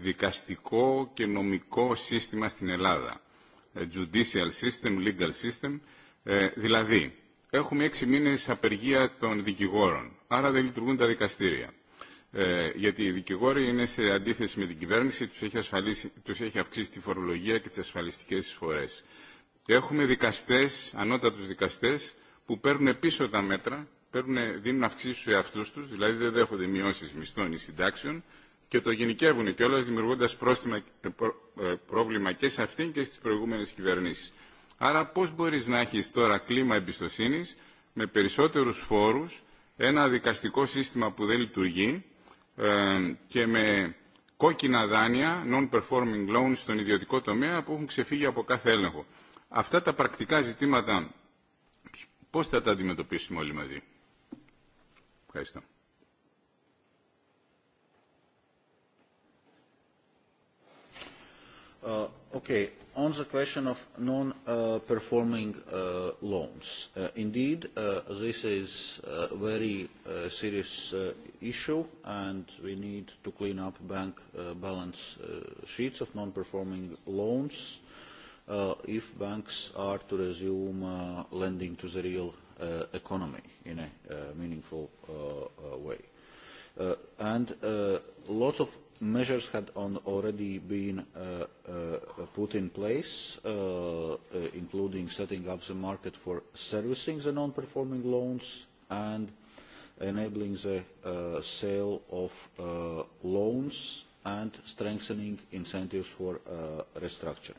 δικαστικό και νομικό σύστημα στην Ελλάδα. Judicial system, legal system. Δηλαδή, έχουμε έξι μήνες απεργία των δικηγόρων, άρα δεν λειτουργούν τα δικαστήρια. Ε, γιατί οι δικηγόροι είναι σε αντίθεση με την κυβέρνηση, τους έχει, ασφαλίσει, τους έχει αυξήσει τη φορολογία και τις ασφαλιστικές εισφορές. Έχουμε δικαστές, ανώτατους δικαστές, που παίρνουν πίσω τα μέτρα, παίρνουν, δίνουν αυξήσεις στους εαυτούς τους, δηλαδή δεν δέχονται μειώσεις μισθών ή συντάξεων, και το γενικεύουν κιόλα δημιουργώντα πρόβλημα και σε αυτήν και στι προηγούμενε κυβερνήσει. Άρα, πώ μπορεί να έχει τώρα κλίμα εμπιστοσύνη με περισσότερου φόρου, ένα δικαστικό σύστημα που δεν λειτουργεί, και με κόκκινα δάνεια, non-performing loans στον ιδιωτικό τομέα που έχουν ξεφύγει από κάθε έλεγχο. Αυτά τα πρακτικά ζητήματα πώς θα τα αντιμετωπίσουμε όλοι μαζί. Ευχαριστώ. Uh, Okay. On the question of non-performing loans, indeed, this is a very serious issue, and we need to clean up bank balance sheets of non-performing loans if banks are to resume lending to the real economy in a meaningful way. And lots of measures had on already been put in place, including setting up the market for servicing the non-performing loans and enabling the sale of loans and strengthening incentives for restructuring.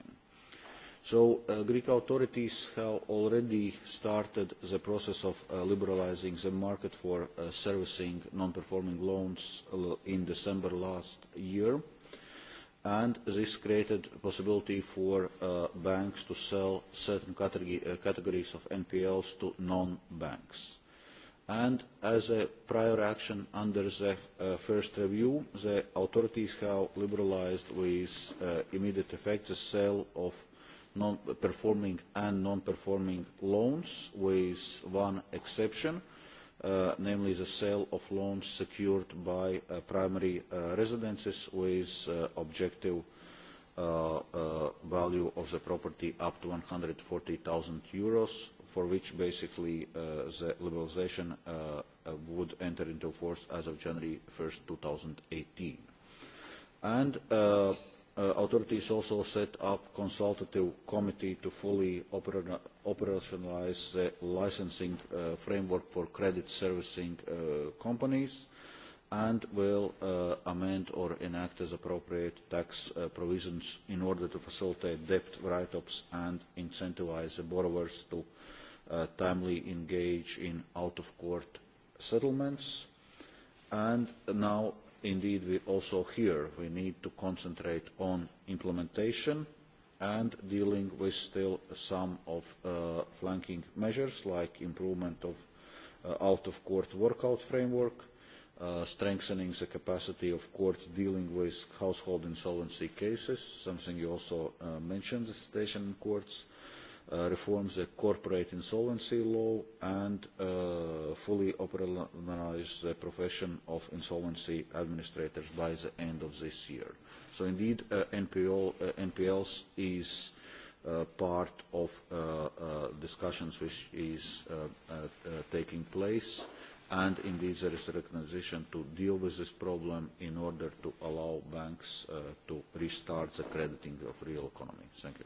So the Greek authorities have already started the process of liberalising the market for servicing non-performing loans in December last year. And this created a possibility for banks to sell certain categories of NPLs to non-banks. as a prior action under the first review, the authorities have liberalised with immediate effect the sale of non-performing and non-performing loans, with one exception, namely the sale of loans secured by primary residences with objective value of the property up to EUR one hundred and forty 140,000 euros, for which basically the liberalisation would enter into force as of January 1st, 2018. And authorities also set up a consultative committee to fully operationalise the licensing framework for credit servicing companies and will amend or enact as appropriate tax provisions in order to facilitate debt write-ups and incentivise borrowers to timely engage in out-of-court settlements. And now indeed, we also here, we need to concentrate on implementation and dealing with still some of flanking measures like improvement of out-of-court workout framework, strengthening the capacity of courts dealing with household insolvency cases, something you also mentioned, the station courts, uh, reforms the corporate insolvency law and fully operationalise the profession of insolvency administrators by the end of this year. So indeed, NPLs is part of discussions which is taking place and indeed there is a recognition to deal with this problem in order to allow banks to restart the crediting of the real economy. Thank you.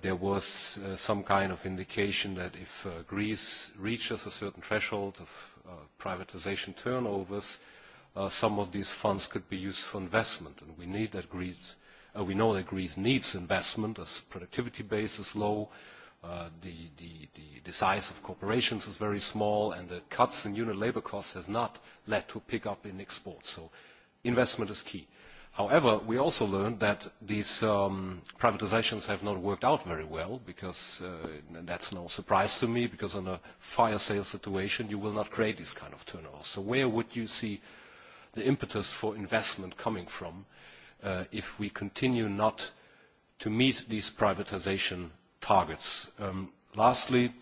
there was some kind of indication that if Greece reaches a certain threshold of privatization turnovers, some of these funds could be used for investment. And we need that Greece, we know that Greece needs investment as productivity base is low, the, the, the, the size of corporations is very small, and the cuts in unit labor costs has not led to a pickup in exports. So investment is key. However, we also learned that these um, privatizations have not worked out very well because uh, that's no surprise to me because in a fire sale situation you will not create this kind of turnover. So where would you see the impetus for investment coming from uh, if we continue not to meet these privatization targets? Um, lastly,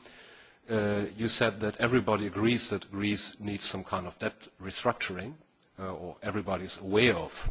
uh, you said that everybody agrees that Greece needs some kind of debt restructuring uh, or everybody is aware of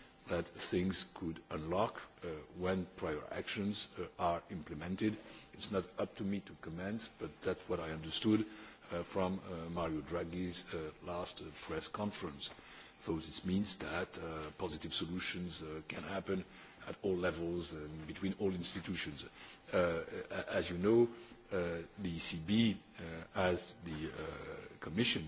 that things could unlock when prior actions are implemented. It is not up to me to comment, but that is what I understood from Mario Draghi's last press conference. So this means that positive solutions can happen at all levels and between all institutions. As you know, the ECB, as the Commission,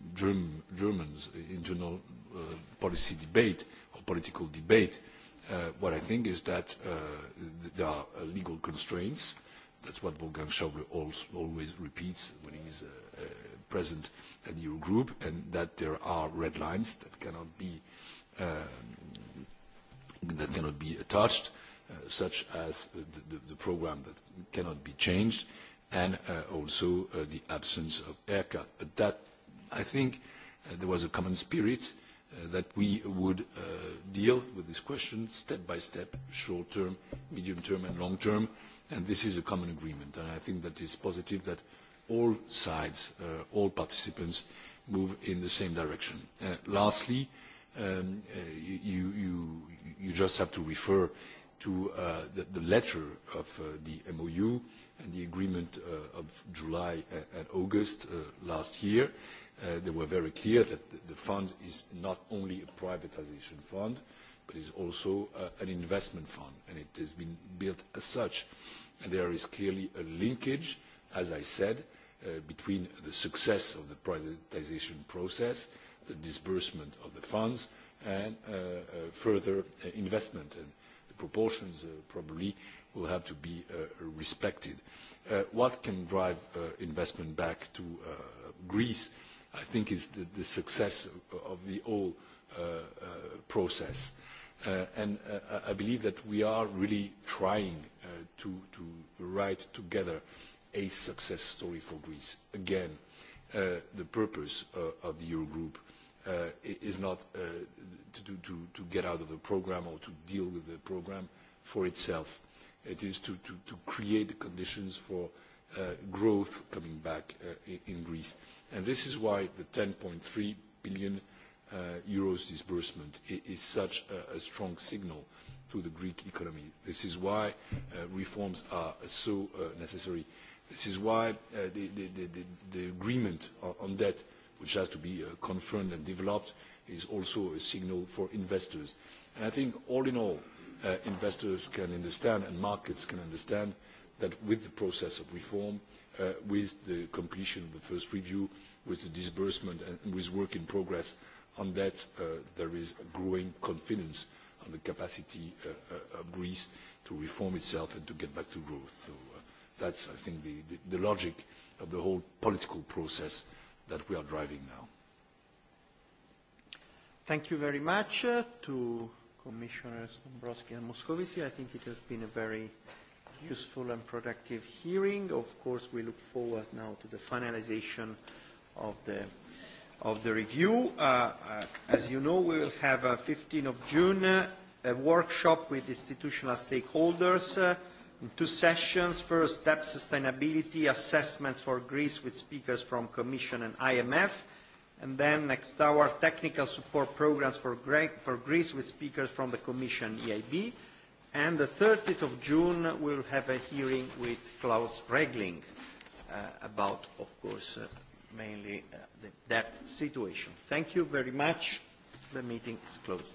Germans in general policy debate or political debate, what I think is that there are legal constraints. That's what Wolfgang Schäuble always repeats when he is present at the Eurogroup, and that there are red lines that cannot be that cannot be touched, such as the, the program that cannot be changed, and also the absence of haircut. But that I think there was a common spirit that we would deal with this question step by step, short term, medium term, and long term, and this is a common agreement. and I think that it's positive that all sides, all participants, move in the same direction. Lastly, you just have to refer to the letter of the MOU and the agreement of July and August last year they were very clear that the fund is not only a privatisation fund, but is also an investment fund, and it has been built as such. There is clearly a linkage, as I said, between the success of the privatisation process, the disbursement of the funds, and further investment. and The proportions probably will have to be respected. What can drive investment back to Greece? I think is the, the success of the whole process. and I believe that we are really trying to, to write together a success story for Greece. Again, the purpose of the Eurogroup is not to, get out of the programme or to deal with the programme for itself. It is to, create conditions for growth coming back in Greece and this is why the EUR ten three billion disbursement is such a strong signal to the Greek economy. This is why reforms are so necessary. This is why the agreement on debt, which has to be confirmed and developed, is also a signal for investors. I think all in all, investors can understand and markets can understand that with the process of reform, with the completion of the first review, with the disbursement, and with work in progress. On that, there is growing confidence on the capacity of Greece to reform itself and to get back to growth. So That's, I think, the logic of the whole political process that we are driving now. Thank you very much to Commissioners Dombrovskis and Moscovici. I think it has been a very useful and productive hearing. Of course, we look forward now to the finalization of the of the review. Uh, uh, as you know, we will have a 15 of June uh, a workshop with institutional stakeholders uh, in two sessions. First, debt sustainability assessments for Greece with speakers from Commission and IMF. And then next hour, technical support programs for, Gre for Greece with speakers from the Commission EIB And the 30th of June, we'll have a hearing with Klaus Regling uh, about, of course, uh, mainly uh, the, that situation. Thank you very much. The meeting is closed.